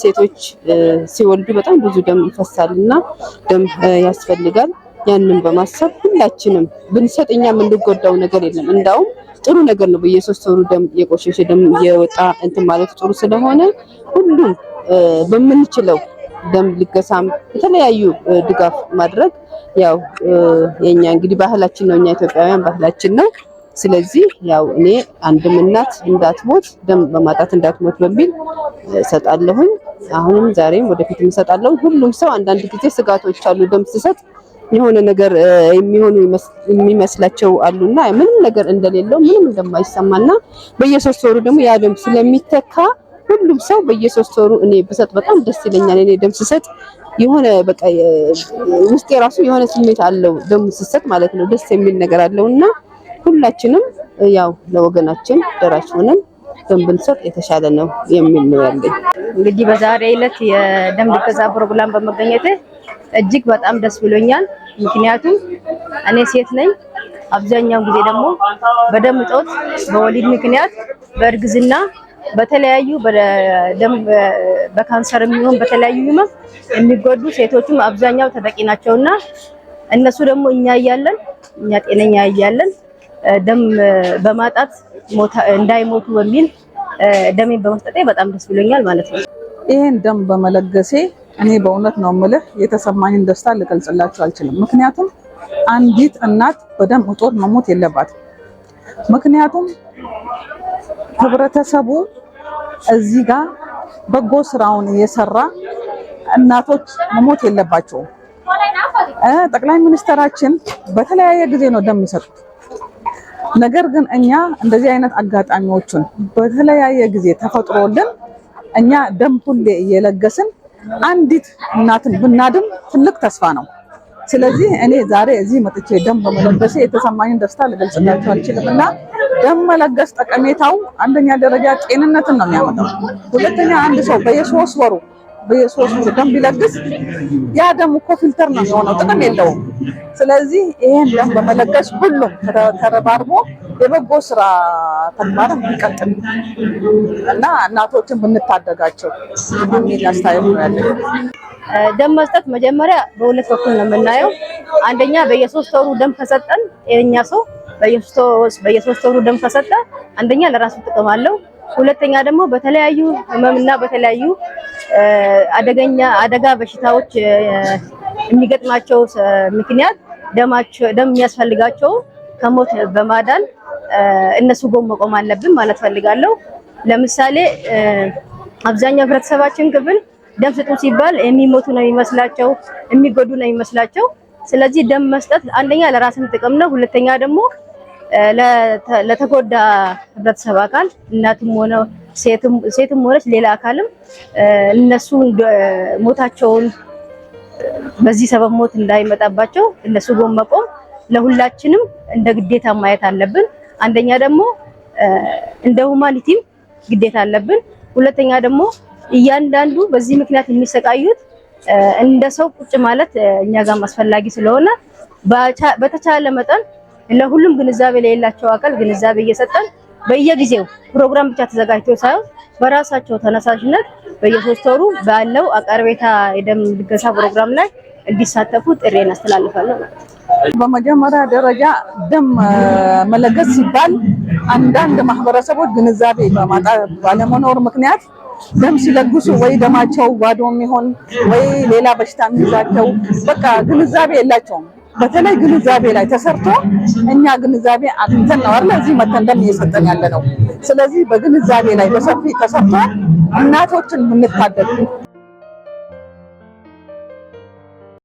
ሴቶች ሲወልዱ በጣም ብዙ ደም ይፈሳል እና ደም ያስፈልጋል። ያንን በማሰብ ሁላችንም ብንሰጥ እኛ የምንጎዳው ነገር የለም። እንዳውም ጥሩ ነገር ነው። በየሶስት ወሩ ደም የቆሸሸ ደም የወጣ እንትን ማለት ጥሩ ስለሆነ ሁሉም በምንችለው ደም ልገሳም የተለያዩ ድጋፍ ማድረግ ያው የኛ እንግዲህ ባህላችን ነው። እኛ ኢትዮጵያውያን ባህላችን ነው። ስለዚህ ያው እኔ አንድም እናት እንዳትሞት ደም በማጣት እንዳትሞት በሚል እሰጣለሁኝ። አሁንም ዛሬም ወደፊት እንሰጣለን። ሁሉም ሰው አንዳንድ ጊዜ ስጋቶች አሉ። ደም ስሰጥ የሆነ ነገር የሚሆኑ የሚመስላቸው አሉና ምንም ነገር እንደሌለው ምንም እንደማይሰማና በየሶስት ወሩ ደግሞ ያ ደም ስለሚተካ ሁሉም ሰው በየሶስት ወሩ እኔ ብሰጥ በጣም ደስ ይለኛል። እኔ ደም ስሰጥ የሆነ በቃ ውስጤ ራሱ የሆነ ስሜት አለው። ደም ስሰጥ ማለት ነው ደስ የሚል ነገር አለውና ሁላችንም ያው ለወገናችን ደራሽ ሆነን ለይተን ብንሰጥ የተሻለ ነው የሚል ነው ያለኝ። እንግዲህ በዛሬ ዕለት የደም ልገሳ ፕሮግራም በመገኘት እጅግ በጣም ደስ ብሎኛል። ምክንያቱም እኔ ሴት ነኝ። አብዛኛው ጊዜ ደግሞ በደም እጦት፣ በወሊድ ምክንያት፣ በእርግዝና በተለያዩ በካንሰር የሚሆን በተለያዩ ህመም የሚጎዱ ሴቶችም አብዛኛው ተጠቂ ናቸውና እነሱ ደግሞ እኛ እያለን እኛ ጤነኛ እያለን ደም በማጣት እንዳይሞቱ በሚል ደሜን በመስጠቴ በጣም ደስ ብሎኛል ማለት ነው። ይህን ደም በመለገሴ እኔ በእውነት ነው ምልህ የተሰማኝን ደስታ ልገልጽላችሁ አልችልም። ምክንያቱም አንዲት እናት በደም እጦት መሞት የለባትም። ምክንያቱም ህብረተሰቡ እዚህ ጋር በጎ ስራውን እየሰራ እናቶች መሞት የለባቸውም። ጠቅላይ ሚኒስትራችን በተለያየ ጊዜ ነው ደም የሚሰጡት። ነገር ግን እኛ እንደዚህ አይነት አጋጣሚዎችን በተለያየ ጊዜ ተፈጥሮልን እኛ ደም ሁሌ እየለገስን አንዲት እናትን ብናድም ትልቅ ተስፋ ነው። ስለዚህ እኔ ዛሬ እዚህ መጥቼ ደም በመለገሴ የተሰማኝን ደስታ ልገልጽላችሁ አልችልም እና ደም መለገስ ጠቀሜታው አንደኛ ደረጃ ጤንነትን ነው የሚያመጣው። ሁለተኛ አንድ ሰው በየሶስት ወሩ በየሶስት ወሩ ደም ቢለግስ ያ ደም እኮ ፊልተር ነው የሚሆነው፣ ጥቅም የለውም ስለዚህ ይሄን ደም በመለገስ ሁሉም ተረባርቦ የበጎ ስራ ተግባር ይቀጥል እና እናቶችን ብንታደጋቸው የሚል አስተያየት ነው ያለኝ። ደም መስጠት መጀመሪያ በሁለት በኩል ነው የምናየው። አንደኛ በየሶስት ወሩ ደም ከሰጠን ጤነኛ ሰው በየሶስት ወሩ ደም ከሰጠ አንደኛ ለራሱ ጥቅም አለው። ሁለተኛ ደግሞ በተለያዩ ህመምና በተለያዩ አደገኛ አደጋ በሽታዎች የሚገጥማቸው ምክንያት ደም የሚያስፈልጋቸው ከሞት በማዳን እነሱ ጎን መቆም አለብን ማለት ፈልጋለሁ። ለምሳሌ አብዛኛው ህብረተሰባችን ክፍል ደም ስጡ ሲባል የሚሞቱ ነው የሚመስላቸው፣ የሚጎዱ ነው የሚመስላቸው። ስለዚህ ደም መስጠት አንደኛ ለራስን ጥቅም ነው፣ ሁለተኛ ደግሞ ለተጎዳ ህብረተሰብ አካል እናትም ሆነ ሴትም ሆነች ሌላ አካልም እነሱ ሞታቸውን በዚህ ሰበብ ሞት እንዳይመጣባቸው እነሱ ጎን መቆም ለሁላችንም እንደ ግዴታ ማየት አለብን። አንደኛ ደግሞ እንደ ሁማኒቲም ግዴታ አለብን። ሁለተኛ ደግሞ እያንዳንዱ በዚህ ምክንያት የሚሰቃዩት እንደ ሰው ቁጭ ማለት እኛ ጋር አስፈላጊ ስለሆነ በተቻለ መጠን ለሁሉም ግንዛቤ ለሌላቸው አካል ግንዛቤ እየሰጠን በየጊዜው ፕሮግራም ብቻ ተዘጋጅቶ ሳይሆን በራሳቸው ተነሳሽነት በየሶስት ወሩ ባለው አቀርቤታ የደም ልገሳ ፕሮግራም ላይ እንዲሳተፉ ጥሪ እናስተላልፋለን። በመጀመሪያ ደረጃ ደም መለገስ ሲባል አንዳንድ ማህበረሰቦች ግንዛቤ ባለመኖር ምክንያት ደም ሲለግሱ ወይ ደማቸው ባዶ የሚሆን ወይ ሌላ በሽታ የሚይዛቸው በቃ ግንዛቤ የላቸውም። በተለይ ግንዛቤ ላይ ተሰርቶ እኛ ግንዛቤ አግኝተን ነው አለ እዚህ መተን ደም እየሰጠን ያለ ነው። ስለዚህ በግንዛቤ ላይ በሰፊ ተሰርቶ እናቶችን የምንታደግ